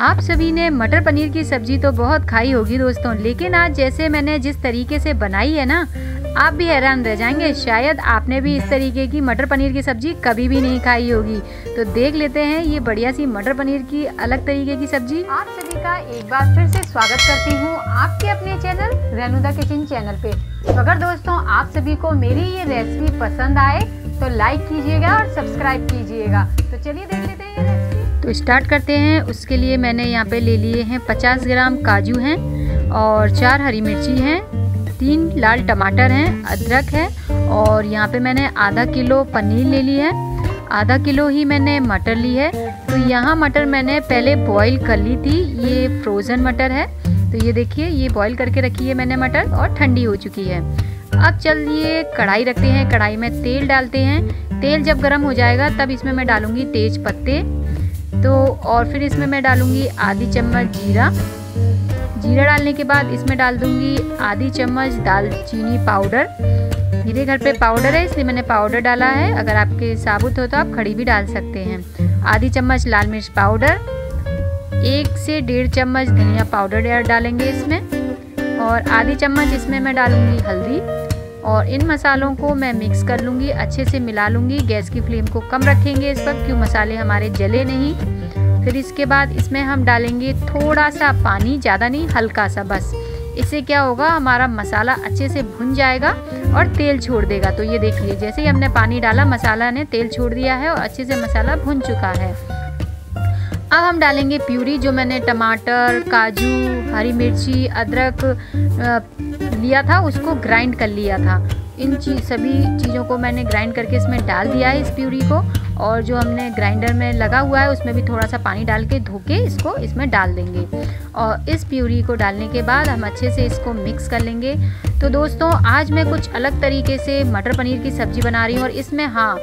आप सभी ने मटर पनीर की सब्जी तो बहुत खाई होगी दोस्तों लेकिन आज जैसे मैंने जिस तरीके से बनाई है ना आप भी हैरान रह जाएंगे शायद आपने भी इस तरीके की मटर पनीर की सब्जी कभी भी नहीं खाई होगी तो देख लेते हैं ये बढ़िया सी मटर पनीर की अलग तरीके की सब्जी आप सभी का एक बार फिर से स्वागत करती हूँ आपके अपने चैनल रेनुदा किचन चैनल पे तो अगर दोस्तों आप सभी को मेरी ये रेसिपी पसंद आए तो लाइक कीजिएगा और सब्सक्राइब कीजिएगा तो चलिए देख लेते हैं स्टार्ट करते हैं उसके लिए मैंने यहाँ पे ले लिए हैं 50 ग्राम काजू हैं और चार हरी मिर्ची हैं तीन लाल टमाटर हैं अदरक है और यहाँ पे मैंने आधा किलो पनीर ले ली है आधा किलो ही मैंने मटर ली है तो यहाँ मटर मैंने पहले बॉईल कर ली थी ये फ्रोज़न मटर है तो ये देखिए ये बॉईल करके रखी है मैंने मटर और ठंडी हो चुकी है अब चलिए कढ़ाई रखते हैं कढ़ाई में तेल डालते हैं तेल जब गर्म हो जाएगा तब इसमें मैं डालूँगी तेज पत्ते तो और फिर इसमें मैं डालूँगी आधी चम्मच जीरा जीरा डालने के बाद इसमें डाल दूँगी आधी चम्मच दालचीनी पाउडर मेरे घर पे पाउडर है इसलिए मैंने पाउडर डाला है अगर आपके साबुत हो तो आप खड़ी भी डाल सकते हैं आधी चम्मच लाल मिर्च पाउडर एक से डेढ़ चम्मच धनिया पाउडर डालेंगे इसमें और आधी चम्मच इसमें मैं डालूँगी हल्दी और इन मसालों को मैं मिक्स कर लूँगी अच्छे से मिला लूँगी गैस की फ्लेम को कम रखेंगे इस वक्त क्यों मसाले हमारे जले नहीं फिर इसके बाद इसमें हम डालेंगे थोड़ा सा पानी ज़्यादा नहीं हल्का सा बस इससे क्या होगा हमारा मसाला अच्छे से भुन जाएगा और तेल छोड़ देगा तो ये देखिए जैसे ही हमने पानी डाला मसाला ने तेल छोड़ दिया है और अच्छे से मसाला भुन चुका है अब हम डालेंगे प्यूरी जो मैंने टमाटर काजू हरी मिर्ची अदरक लिया था उसको ग्राइंड कर लिया था इन चीज सभी चीज़ों को मैंने ग्राइंड करके इसमें डाल दिया है इस प्यूरी को और जो हमने ग्राइंडर में लगा हुआ है उसमें भी थोड़ा सा पानी डाल के धो के इसको इसमें डाल देंगे और इस प्यूरी को डालने के बाद हम अच्छे से इसको मिक्स कर लेंगे तो दोस्तों आज मैं कुछ अलग तरीके से मटर पनीर की सब्ज़ी बना रही हूँ और इसमें हाँ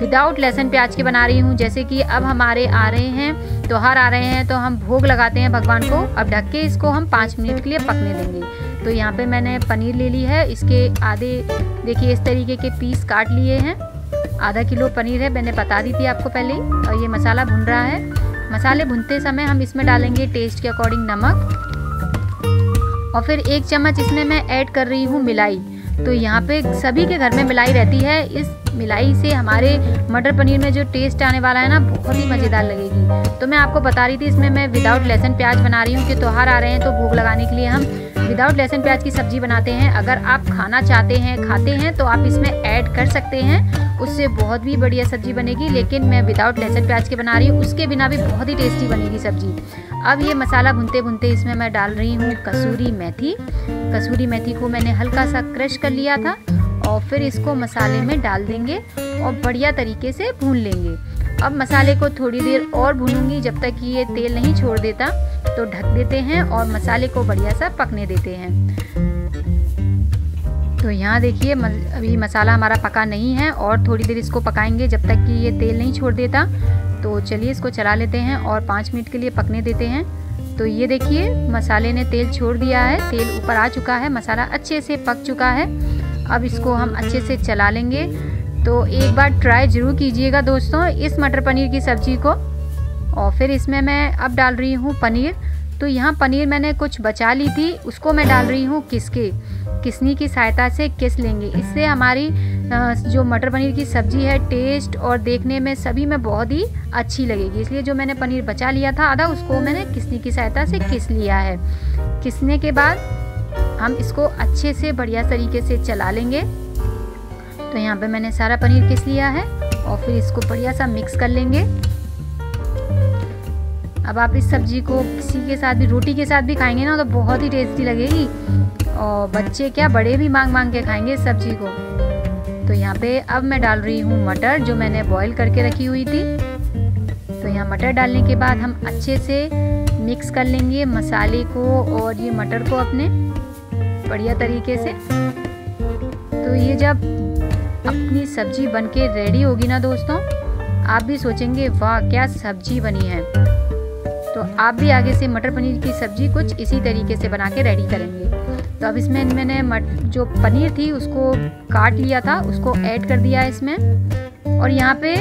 विदाउट लहसुन प्याज के बना रही हूँ जैसे कि अब हमारे आ रहे हैं त्यौहार आ रहे हैं तो हम भोग लगाते हैं भगवान को अब ढक के इसको हम पाँच मिनट के लिए पकने देंगे तो यहाँ पे मैंने पनीर ले ली है इसके आधे देखिए इस तरीके के पीस काट लिए हैं आधा किलो पनीर है मैंने बता दी थी आपको पहले और ये मसाला भुन रहा है मसाले भुनते समय हम इसमें डालेंगे टेस्ट के अकॉर्डिंग नमक और फिर एक चम्मच इसमें मैं ऐड कर रही हूँ मिलाई तो यहाँ पे सभी के घर में मिलाई रहती है इस मिलाई से हमारे मटर पनीर में जो टेस्ट आने वाला है ना बहुत ही मज़ेदार लगेगी तो मैं आपको बता रही थी इसमें मैं विदाउट लहसन प्याज बना रही हूँ कि त्यौहार आ रहे हैं तो भूख लगाने के लिए हम विदाउट लहसुन प्याज की सब्जी बनाते हैं अगर आप खाना चाहते हैं खाते हैं तो आप इसमें ऐड कर सकते हैं उससे बहुत भी बढ़िया सब्जी बनेगी लेकिन मैं विदाउट लहसुन प्याज के बना रही हूँ उसके बिना भी बहुत ही टेस्टी बनेगी सब्जी अब ये मसाला भुनते भुनते इसमें मैं डाल रही हूँ कसूरी मेथी कसूरी मेथी को मैंने हल्का सा क्रश कर लिया था और फिर इसको मसाले में डाल देंगे और बढ़िया तरीके से भून लेंगे अब मसाले को थोड़ी देर और भूनूंगी जब तक कि ये तेल नहीं छोड़ देता तो ढक देते हैं और मसाले को बढ़िया सा पकने देते हैं तो यहाँ देखिए अभी मसाला हमारा पका नहीं है और थोड़ी देर इसको पकाएंगे जब तक कि ये तेल नहीं छोड़ देता तो चलिए इसको चला लेते हैं और पाँच मिनट के लिए पकने देते हैं तो ये देखिए मसाले ने तेल छोड़ दिया है तेल ऊपर आ चुका है मसाला अच्छे से पक चुका है अब इसको हम अच्छे से चला लेंगे तो एक बार ट्राई ज़रूर कीजिएगा दोस्तों इस मटर पनीर की सब्ज़ी को और फिर इसमें मैं अब डाल रही हूँ पनीर तो यहाँ पनीर मैंने कुछ बचा ली थी उसको मैं डाल रही हूँ किसके किसनी की सहायता से किस लेंगे इससे हमारी जो मटर पनीर की सब्ज़ी है टेस्ट और देखने में सभी में बहुत ही अच्छी लगेगी इसलिए जो मैंने पनीर बचा लिया था आधा उसको मैंने किसनी की सहायता से किस लिया है किसने के बाद हम इसको अच्छे से बढ़िया तरीके से चला लेंगे तो यहाँ पे मैंने सारा पनीर किस लिया है और फिर इसको बढ़िया सा मिक्स कर लेंगे अब आप इस सब्जी को किसी के साथ भी रोटी के साथ भी खाएंगे ना तो बहुत ही टेस्टी लगेगी और बच्चे क्या बड़े भी मांग मांग के खाएंगे इस सब्जी को तो यहाँ पे अब मैं डाल रही हूँ मटर जो मैंने बॉईल करके रखी हुई थी तो यहाँ मटर डालने के बाद हम अच्छे से मिक्स कर लेंगे मसाले को और ये मटर को अपने बढ़िया तरीके से तो ये जब इतनी सब्जी बन के रेडी होगी ना दोस्तों आप भी सोचेंगे वाह क्या सब्जी बनी है तो आप भी आगे से मटर पनीर की सब्जी कुछ इसी तरीके से बना के रेडी करेंगे तो अब इसमें मैंने मट जो पनीर थी उसको काट लिया था उसको ऐड कर दिया इसमें और यहाँ पे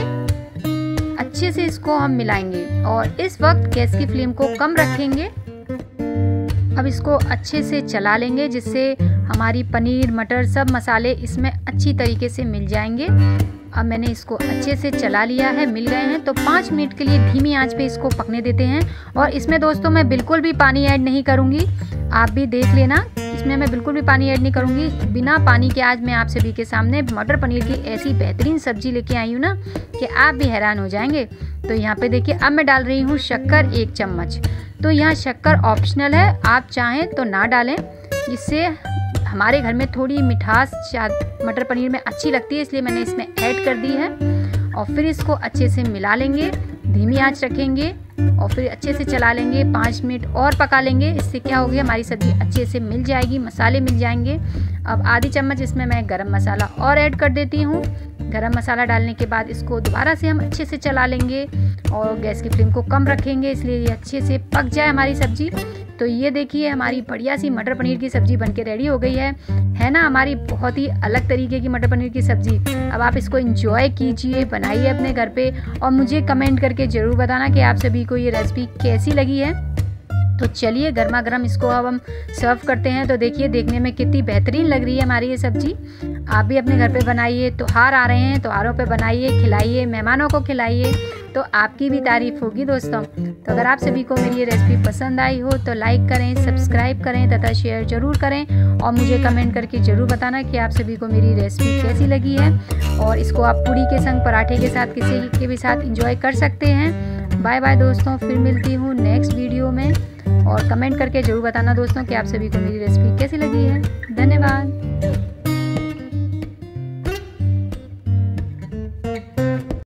अच्छे से इसको हम मिलाएंगे और इस वक्त गैस की फ्लेम को कम रखेंगे अब इसको अच्छे से चला लेंगे जिससे हमारी पनीर मटर सब मसाले इसमें अच्छी तरीके से मिल जाएंगे अब मैंने इसको अच्छे से चला लिया है मिल गए हैं तो पाँच मिनट के लिए धीमी आंच पे इसको पकने देते हैं और इसमें दोस्तों मैं बिल्कुल भी पानी ऐड नहीं करूँगी आप भी देख लेना इसमें मैं बिल्कुल भी पानी ऐड नहीं करूँगी बिना पानी के आज मैं आप सभी के सामने मटर पनीर की ऐसी बेहतरीन सब्जी लेके आई हूँ ना कि आप भी हैरान हो जाएंगे तो यहाँ पे देखिए अब मैं डाल रही हूँ शक्कर एक चम्मच तो यहाँ शक्कर ऑप्शनल है आप चाहें तो ना डालें इससे हमारे घर में थोड़ी मिठास मटर पनीर में अच्छी लगती है इसलिए मैंने इसमें ऐड कर दी है और फिर इसको अच्छे से मिला लेंगे धीमी आंच रखेंगे और फिर अच्छे से चला लेंगे पाँच मिनट और पका लेंगे इससे क्या होगी हमारी सब्ज़ी अच्छे से मिल जाएगी मसाले मिल जाएंगे अब आधी चम्मच इसमें मैं गरम मसाला और ऐड कर देती हूँ गरम मसाला डालने के बाद इसको दोबारा से हम अच्छे से चला लेंगे और गैस की फ्लेम को कम रखेंगे इसलिए ये अच्छे से पक जाए हमारी सब्ज़ी तो ये देखिए हमारी बढ़िया सी मटर पनीर की सब्ज़ी बनके रेडी हो गई है है ना हमारी बहुत ही अलग तरीके की मटर पनीर की सब्ज़ी अब आप इसको इंजॉय कीजिए बनाइए अपने घर पे और मुझे कमेंट करके ज़रूर बताना कि आप सभी को ये रेसिपी कैसी लगी है तो चलिए गर्मा गर्म इसको अब हम सर्व करते हैं तो देखिए देखने में कितनी बेहतरीन लग रही है हमारी ये सब्ज़ी आप भी अपने घर पे बनाइए त्यौहार आ रहे हैं त्योहारों पे बनाइए खिलाइए मेहमानों को खिलाइए तो आपकी भी तारीफ होगी दोस्तों तो अगर आप सभी को मेरी ये रेसिपी पसंद आई हो तो लाइक करें सब्सक्राइब करें तथा शेयर ज़रूर करें और मुझे कमेंट करके ज़रूर बताना कि आप सभी को मेरी रेसिपी कैसी लगी है और इसको आप पूड़ी के संग पराठे के साथ किसी के भी साथ इंजॉय कर सकते हैं बाय बाय दोस्तों फिर मिलती हूँ नेक्स्ट वीडियो में और कमेंट करके ज़रूर बताना दोस्तों कि आप सभी को मेरी रेसिपी कैसी लगी है धन्यवाद